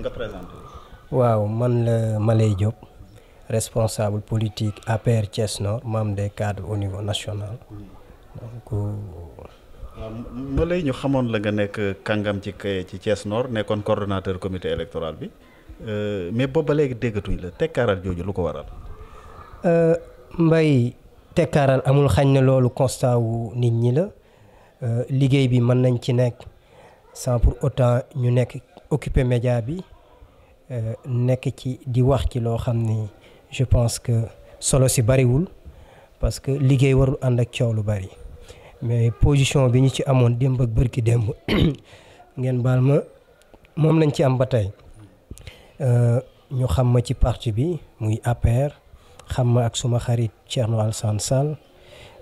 nga présenté waaw man la Maleye Diop responsable politique APR Thiès Nord membre des cadres au niveau national donc. Euh, ñu xamoon la nga nekk kàngam ci ci Thiès Nord nekkoon coordonnateur comité électoral bi euh, mais boobu ba léegi déggatuñ la tekkaaral jooju lu ko waral. Euh, Mbaye tekkaaral amul xañ na loolu constat wu nit ñi la liggéey bi mën nañ ci nekk sans pour autant ñu nekk. occuper média bi euh, nekk ci di wax ci loo xam ni je pense que solo si bariwul parce que liggéey warul ànd ak coow lu bari mais position bi ñu ci amoon démb ak bërki démb ngeen baal ma moom lañ ci am ba tey euh, ñu xam ma ci parti bi muy APR xam ma ak suma xarit Thierno Alassane Sall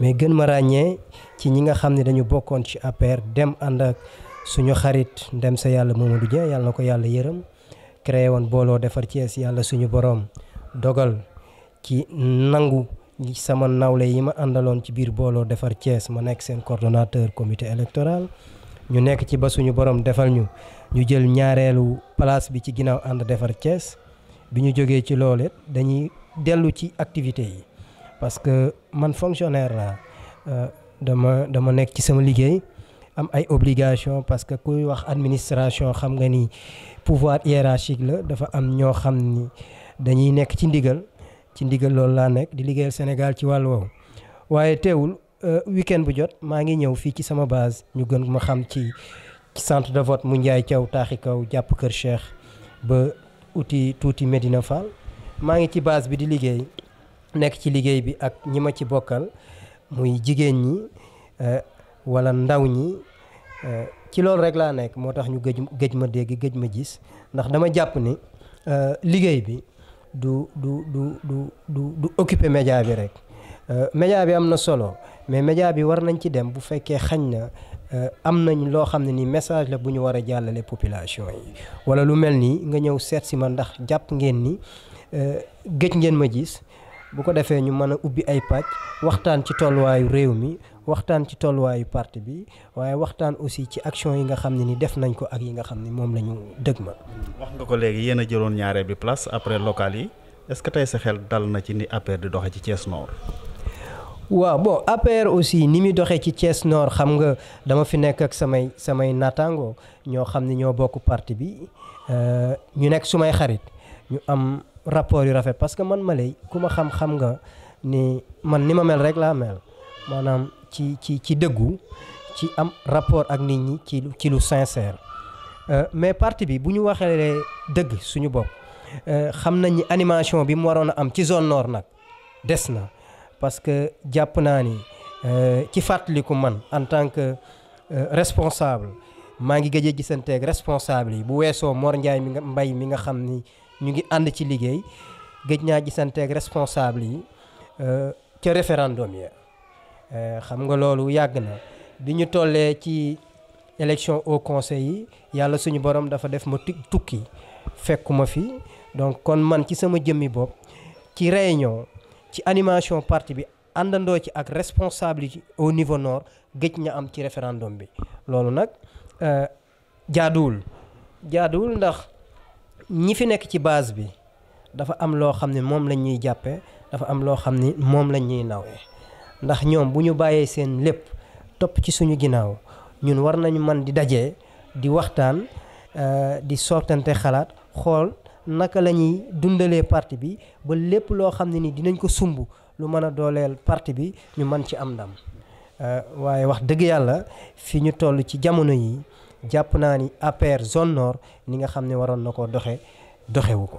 mais gën ma ràññee ci ñi nga xam ne dañu bokkoon ci APR dem ànd ak. suñu xarit ndem sa yàlla Mamadou Dieng yàlla na ko yàlla yërëm créé woon booloo defar Thiès yàlla suñu boroom dogal ci nangu sama nawle yi ma àndaloon ci biir booloo defar Thiès ma nekk seen coordonnateur comité électoral ñu nekk ci ba suñu borom defal ñu ñu jël ñaareelu place bi ci ginnaaw ànd defar Thiès bi ñu jógee ci loole dañuy dellu ci activité yi parce que man fonctionnaire laa euh, dama dama nekk ci sama liggéey am ay obligation parce que kuy wax administration xam nga ni pouvoir hiérarchique la dafa am ñoo xam ni dañuy nekk ci ndigal ci ndigal loolu laa nekk di liggéeyal Sénégal ci wàll woowu waaye teewul euh, weekend bu jot maa ngi ñëw fii ci sama base ñu gën ma xam ci centre de vote mu Ndiaye Thiaw taaxi kaw jàpp Kër Cheikh ba uti tuuti médina Fall maa ngi ci base bi di liggéey nekk ci liggéey bi ak ñi ma ci bokkal muy jigéen ñi euh, wala ndaw ñi euh, ci loolu rek laa nekk moo tax ñu gëj gëj ma dégg gëj ma gis ndax dama jàpp ni euh, liggéey bi du du du du du du occuper média bi rek euh, média bi am na solo mais média bi war nañ ci dem bu fekkee xañ na am nañ loo xam ne nii message la bu ñu war a jàllale population yi wala lu mel nii nga ñëw seet si ma ndax jàpp ngeen ni géej ngeen ma gis bu ko defee ñu mën a ubbi ay pàcc waxtaan ci tolluwaayu réew mi waxtaan ci tolluwaayu parti bi waaye waxtaan aussi ci action yi nga xam ne ni def nañ ko ak yi nga xam ni moom lañu ñu ma wax nga ko léegi yéen a jëloon ñaaree bi place après local yi est-ce que tey sa xel dal na ci ni APR di doxe ci Thiès Nord waaw bon APR aussi ni muy doxee ci Thiès Nord xam nga dama fi nekk ak samay samay naataango ñoo xam ne ñoo bokk parti bi euh, ñu nekk sumay xarit ñu am rapport yu rafet parce que man ma lay ku ma xam-xam nga ni man ni ma mel rek laa mel maanaam ci ci ci dëggu ci am rapport ak nit ñi ci ci lu sincère euh, mais parti bi bu ñu waxee dëgg suñu bopp euh, xam nañ ni animation bi mu waroon a am ci zone nord nag des na parce que jàpp naa ni euh, ci fàttaliku man en tant que responsable maa ngi gëj a gisanteeg responsable yi bu weesoo Mor Ndiaye mi nga mbay mi nga xam ni ñu ngi ànd ci liggéey gëj naa gisanteeg responsable yi ca référendum ya Euh, xam nga loolu yàgg na bi ñu tollee ci élection au conseil yi yàlla suñu borom dafa def ma tukki fekkuma fi donc kon man ci sama jëmmi bopp ci réunion ci animation parti bi àndandoo ci ak responsabilité au niveau nord géej na am ci référendum bi loolu nag euh, jaaduwul jaaduwul ndax ñi fi nekk ci base bi dafa am loo xam ne moom lañ ñuy jàppee dafa am loo xam ni moom lañ ñuy nawee ndax ñoom bu ñu bàyyee seen lépp topp ci suñu ginnaaw ñun war nañu man di dajee di waxtaan euh, di sottante xalaat xool naka la ñuy dundalee parti bi ba lépp loo xam ne ni dinañ ko sumb lu mën a dooleel parti bi ñu mën ci am ndam euh, waaye wax dëgg yàlla fi ñu toll ci jamono yi jàpp naa ni APR zone nord ni nga xam ne waroon na ko doxe doxewu ko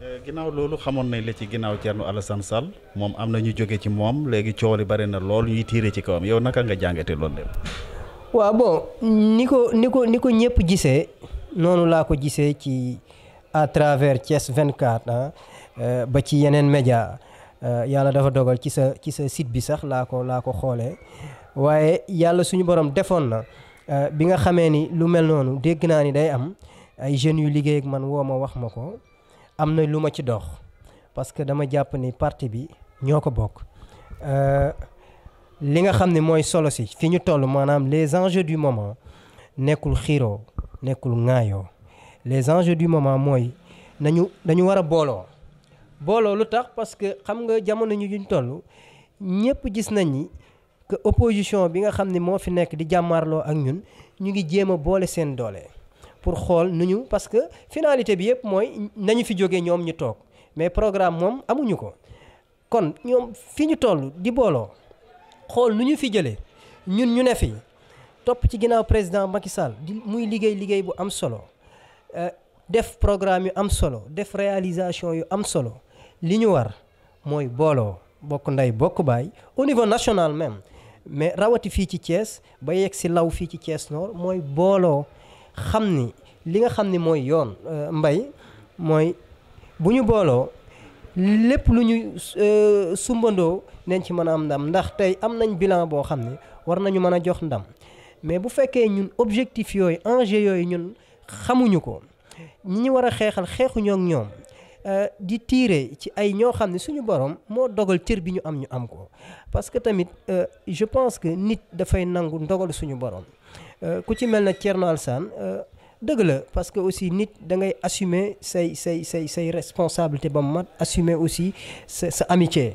Euh, ginnaaw loolu xamoon nañ la ci ginnaaw Thierno Alassane Sall moom am na ñu jóge ci moom léegi coow li bari na lool ñuy tiire ci kawam yow naka nga jàngate loolu lépp. waaw bon ni ko ni ko ni ko ñëpp gisee noonu laa ko gisee ci à travers Thiès 24 ah euh, ba ci yeneen média euh, yàlla dafa dogal ci sa ci sa site bi sax laa ko laa ko xoolee waaye yàlla suñu borom defoon na bi nga xamee ni lu mel noonu dégg naa ni day am ay jeunes yu liggéey ak man woo ma wax ma ko. am na lu ma ci dox parce que dama jàpp ni parti bi ñoo ko bokk euh, li nga xam ne mooy solo si fi ñu toll maanaam les enjeux du moment nekkul xiiroo nekkul ŋaayoo les enjeux du moment mooy nañu dañu war a booloo booloo lu tax parce que xam nga jamono ñu ñu toll ñëpp gis nañ ni que opposition bi nga xam ne moo fi nekk di jàmmaarloo ak ñun ñu ngi jéem a boole seen doole. pour xool nu ñu parce que finalité bi yëpp mooy nañu fi jógee ñoom ñu toog mais programme moom amuñu ko kon ñoom fi ñu toll di booloo xool nu ñu fi jëlee ñun ñu ne fi topp ci ginnaaw président Macky Sall di muy liggéey liggéey bu am solo euh, def programme yu am solo def réalisation yu am solo li ñu war mooy booloo bokk ndey bokk baay au niveau national même mais rawati fii ci Thiès ba yegg si law fii ci Thiès Nord mooy booloo xam ni li nga xam ni mooy yoon euh, mbay mooy bu ñu booloo lépp lu ñu euh, sumbandoo nañ ci mën a am ndam ndax tey am nañ bilan boo xam ne war nañu mën a jox ndam mais bu fekkee ñun objectif yooyu enjeu yooyu ñun xamuñu ko ñi ñu war a xeexal xeexuñoo ak ñoom euh, di tiire ci ay ñoo xam ne suñu borom moo dogal cër bi ñu am ñu am ko parce que tamit je pense que nit dafay nangu ndogal suñu borom. Euh, ku ci mel na Thierno Alassane euh, dëgg la parce que aussi nit da ngay assumer say say say say responsabilité ba mu mat assumer aussi sa sa amitié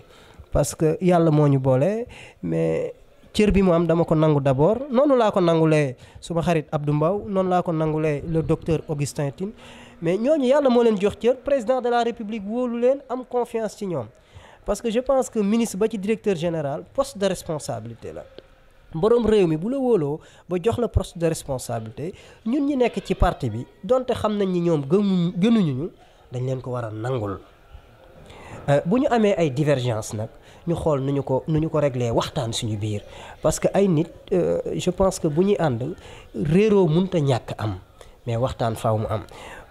parce que yàlla moo ñu boole mais cër bi mu am dama ko nangu d'abord noonu laa ko nangulee suma xarit Abdou Mbaw noonu laa ko nangulee le docteur Augustin Tine mais ñooñu yàlla moo leen jox cër président de la république woolu leen am confiance ci ñoom parce que je pense que ministre ba ci directeur général poste de la boroom réew mi bu la wooloo ba jox la poste de responsabilité ñun ñi nekk ci parti bi donte xam nañ ni ñoom gënuñu gënuñu ñu dañ leen ko war nangul euh, bu ñu amee ay divergence nag ñu xool nu ñu ko nu ko réglé waxtaan suñu biir parce que ay nit euh, je pense que bu ñuy ànd réeroo mënta ñàkk am mais waxtaan faw mu am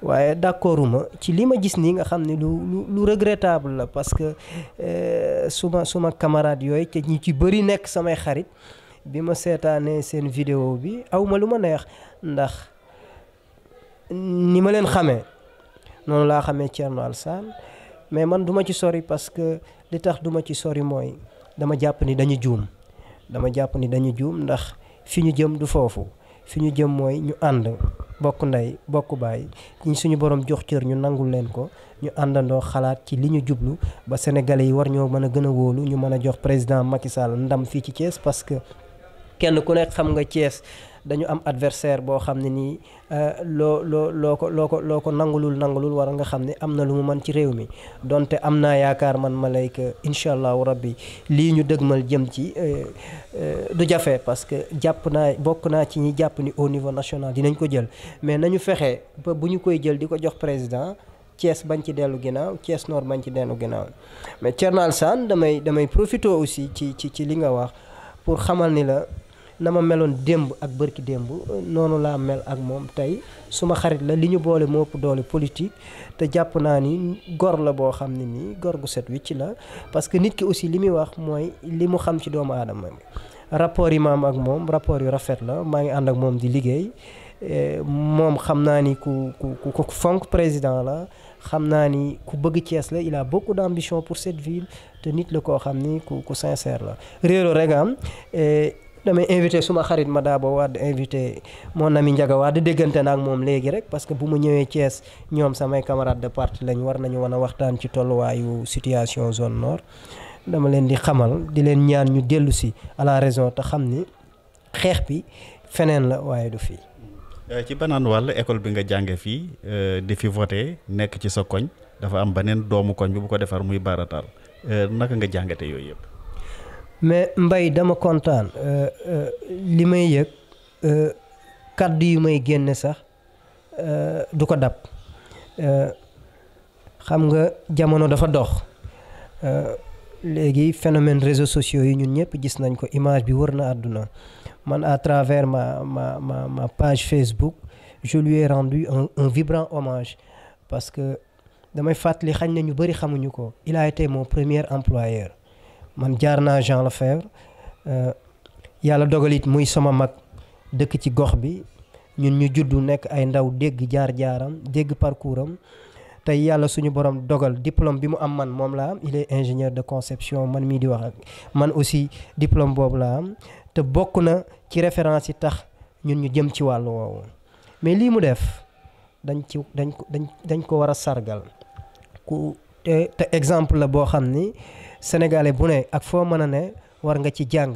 waaye d'accorduma ci li ma gis nii nga xam ne lu lu regrettable la parce que euh, suma suma camarade yooyu te ñi ci bëri nekk samay xarit bi ma seetaanee seen vidéo bi aw ma lu ma neex ndax ni ma leen xamee noonu laa xamee Thierno Alassane mais man duma ci sori parce que li tax duma ci sori mooy dama jàpp ni dañu juum dama jàpp ni dañu juum ndax fi ñu jëm du foofu fi ñu jëm mooy ñu ànd bokk ndey bokk baay ñi suñu borom jox cër ñu nangul leen ko ñu àndandoo xalaat ci li ñu jublu ba sénégalais yi war ñoo mën a gën a wóolu ñu mën a jox président Macky Sall ndam fii ci Thiès parce que kenn ku nekk xam nga Thiès dañu am adversaire boo xam ne nii euh, loo loo loo ko loo ko loo ko nangulul nangulul war nga xam ne am na lu mu man ci réew mi donte am naa yaakaar man ma Malayka incha allahu rabbi lii ñu dëgmal jëm ci euh, euh, du jafe parce que jàpp naa bokk naa ci ñi jàpp ni au niveau nationale national dinañ ko jël mais nañu fexe ba bu ñu koy jël di ko jox président cees bañ ci dellu ginnaaw Thiès noor bañ ci dellu ginnaaw mais Thierno Alassane damay damay ci li nga wax na ma meloon démb ak bërki démb noonu laa mel ak moom tey suma xarit la li ñu boole moo ëpp doole politique te jàpp naa ni gor la boo xam ne nii gor gu set wicc la parce que nit ki aussi li muy wax mooy li mu xam ci doomu aadama rapport yi ma am ak moom rapport yu rafet la maa ngi ànd ak moom di liggéey eh, moom xam naa ni ku ku ku fonk président la xam naa ni ku bëgg Thiès la il a beaucoup d'ambition pour cette ville te nit la koo xam ni ku ku sincère la réero rek am eh, damay invité suma xarit ma daa ba invité mon ami Ndiaga Wade déggante naa ak moom léegi rek parce que bu ma ñëwee Thiès ñoom samay camarade de parti lañ war nañu wan a waxtaan ci tolluwaayu situation zone nord dama leen di xamal di leen ñaan ñu dellu si à raison te xam ni xeex bi feneen la waaye du fii euh, ci banaan wàll école bi nga jànge fii euh, di fi voté nekk ci sa koñ dafa am beneen doomu koñ bi bu ko defar muy baarataal euh, naka nga jàngate yooyu yëpp mais mbay dama kontaan euh, euh, li may yëg euh, kàddu yi may génne sax du ko dab xam nga jamono dafa dox léegi phénomène réseaux sociaux yi ñun ñëpp gis nañ ko image bi wër na àdduna man à travers ma ma ma ma page Facebook je lui ai rendu un un vibrant hommage parce que damay fàttali xañ na ñu bëri xamuñu ko il a été mon premier employeur. man jaar naa Jean Lefebvre euh, yàlla dogal it muy sama mag dëkk ci gox bi ñun ñu juddu nekk ay ndaw dégg jaar-jaaram dégg parcours am tey yàlla suñu borom dogal diplôme bi mu am man moom laa am il est ingénieur de conception man mii di wax ak man aussi diplôme boobu laa am te bokk na ci référence yi tax ñun ñu jëm ci wàllu woowu mais lii mu def dañ ci dañ ko dañ dañ ko war a sargal te te exemple la boo xam ni sénégalais bu ne ak foo mën a ne war nga ci jàng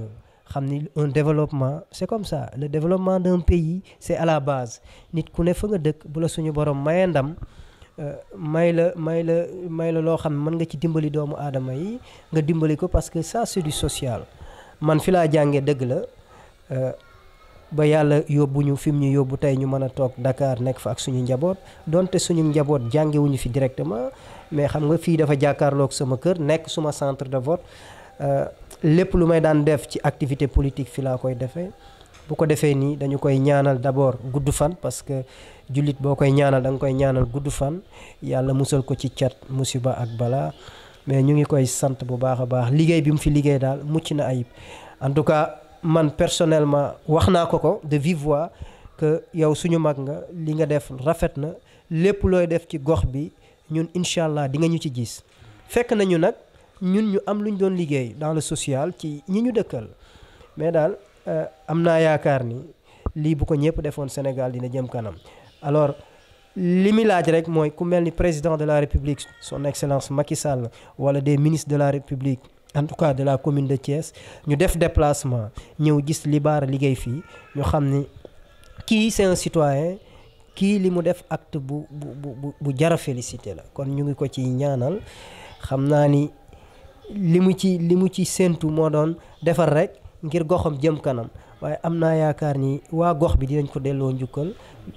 xam ni un développement c'est comme ça le développement d'un pays c'est à la base nit ku ne fa nga dëkk bu la suñu borom mayee ndam euh, may la may la may la loo xam ne mën nga ci dimbali doomu aadama yi nga dimbali ko parce que ça c'est du social man fi laa jàngee dëgg la. Euh, ba yàlla yóbbu ñu fi mu ñu yóbbu tey ñu mën a toog Dakar nekk fa ak suñu njaboot donte suñu njaboot jàngewuñu fi directement mais xam nga fii dafa jàkkaarlook sama kër nekk suma centre de vote euh, lépp lu may daan def ci activité politique fi laa koy defee bu ko defee nii dañu koy ñaanal d'abord gudd fan parce que jullit boo koy ñaanal da nga koy ñaanal gudd fan yàlla musal ko ci cat musiba ak balaa mais ñu ngi koy sant bu baax a baax liggéey bi mu fi liggéey daal mucc na ayib man personnellement wax naa ko ko de vive voix que yow suñu mag nga li nga def rafet na lépp looy def ci gox bi ñun incha allah di nga ñu ci gis fekk nañu nag ñun ñu am lu ñu doon liggéey dans le social ci ñi ñu dëkkal mais daal euh, am naa yaakaar ni lii bu ko ñëpp defoon Sénégal dina jëm kanam alors li mu laaj rek mooy ku mel ni président de la république son excellence Macky Sall wala des ministres de la république en tout cas de la commune de Thiès ñu def déplacement ñëw gis li Bara liggéey fii ñu xam ni kii c'est un citoyen kii li mu def acte bu bu bu bu jara félicité la kon ñu ngi ko ci ñaanal xam naa ni li mu ci li mu ci séentu moo doon defar rek ngir goxam jëm kanam waaye am naa yaakaar ni waa gox bi dinañ ko delloo njukkal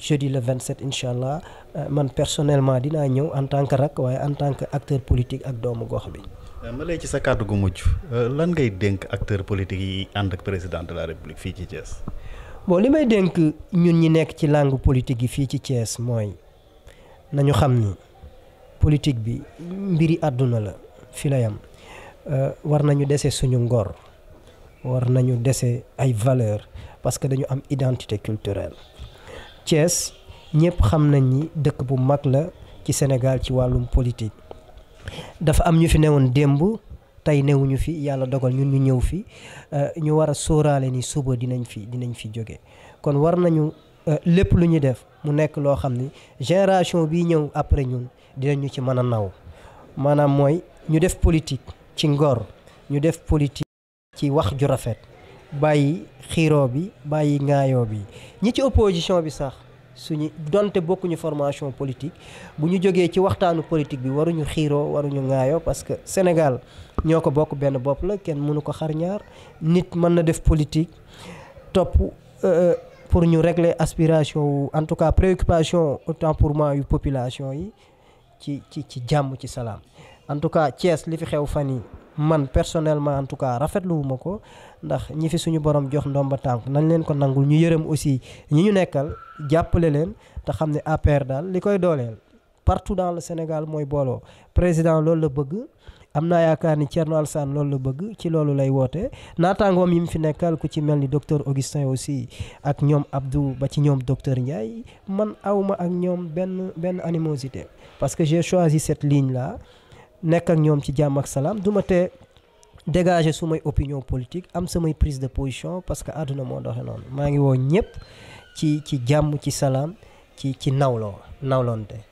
jeudi le 27 incha allah euh, man personnellement dinaa ñëw en tant que waaye en tant que acteur politique ak doomu gox bi. Euh, ma ci sa kàddu gu mujj euh, lan ngay dénk acteur politique yi ànd ak président de la république fii ci Thiès. bon li may dénk ñun ñi nekk ci langue politique yi fii ci Thiès mooy nañu xam ni politique bi mbiri àdduna la fi la yam euh, war nañu dese suñu ngor war nañu dese ay valeur parce que dañu am identité culturelle Thiès ñëpp xam nañ ni dëkk bu mag la ci Sénégal ci wàllum politique dafa am ñu fi newoon démb tey newuñu fi yàlla dogal ñun ñu ñëw fi euh, ñu war a sóoraale ni suba dinañ fi dinañ fi jóge kon war nañu euh, lépp lu ñu def mu nekk loo xam ni génération bii ñëw après ñun dinañu ci mën a naw maanaam mooy ñu def politique ci ngor ñu def politique ci wax ju rafet bàyyi xiiro bi bàyyi ŋaayoo bi ñi ci opposition bi sax suñu donte bokkuñu formation politique bu ñu jógee ci waxtaanu politique bi waruñu xiiroo waruñu ŋaayoo parce que Sénégal ñoo ko bokk benn bopp la kenn mënu ko xarñaar nit mën na def politique topp euh, pour ñu régler aspiration wu en tout cas préoccupation autant pour moi yu population yi ci ci ci jàmm ci salaam en tout cas Thiès li fi xew fan yi man personnellement en tout cas rafetlu wu ma ko ndax ñi fi suñu borom jox ndomba tànk nañ leen ko nangul ñu yërëm aussi ñi ñu nekkal jàppale leen te xam ne APR daal li koy dooleel partout dans le Sénégal mooy booloo président loolu la bëgg am naa yaakaar ni Thierno Alassane loolu la bëgg ci loolu lay woote naataangoom yi mu fi nekkal ku ci mel ni docteur Augustin aussi ak ñoom Abdou ba ci ñoom docteur Ndiaye man awma ak ñoom benn benn animosité parce que j'ai choisi cette ligne là nekk ak ñoom ci jàmm ak salaam du ma tee su may opinion politique am samay prise de position parce que àdduna moo doxe noonu maa ngi woo ñëpp ci ci jàmm ci salaam ci ci nawloo nawloonte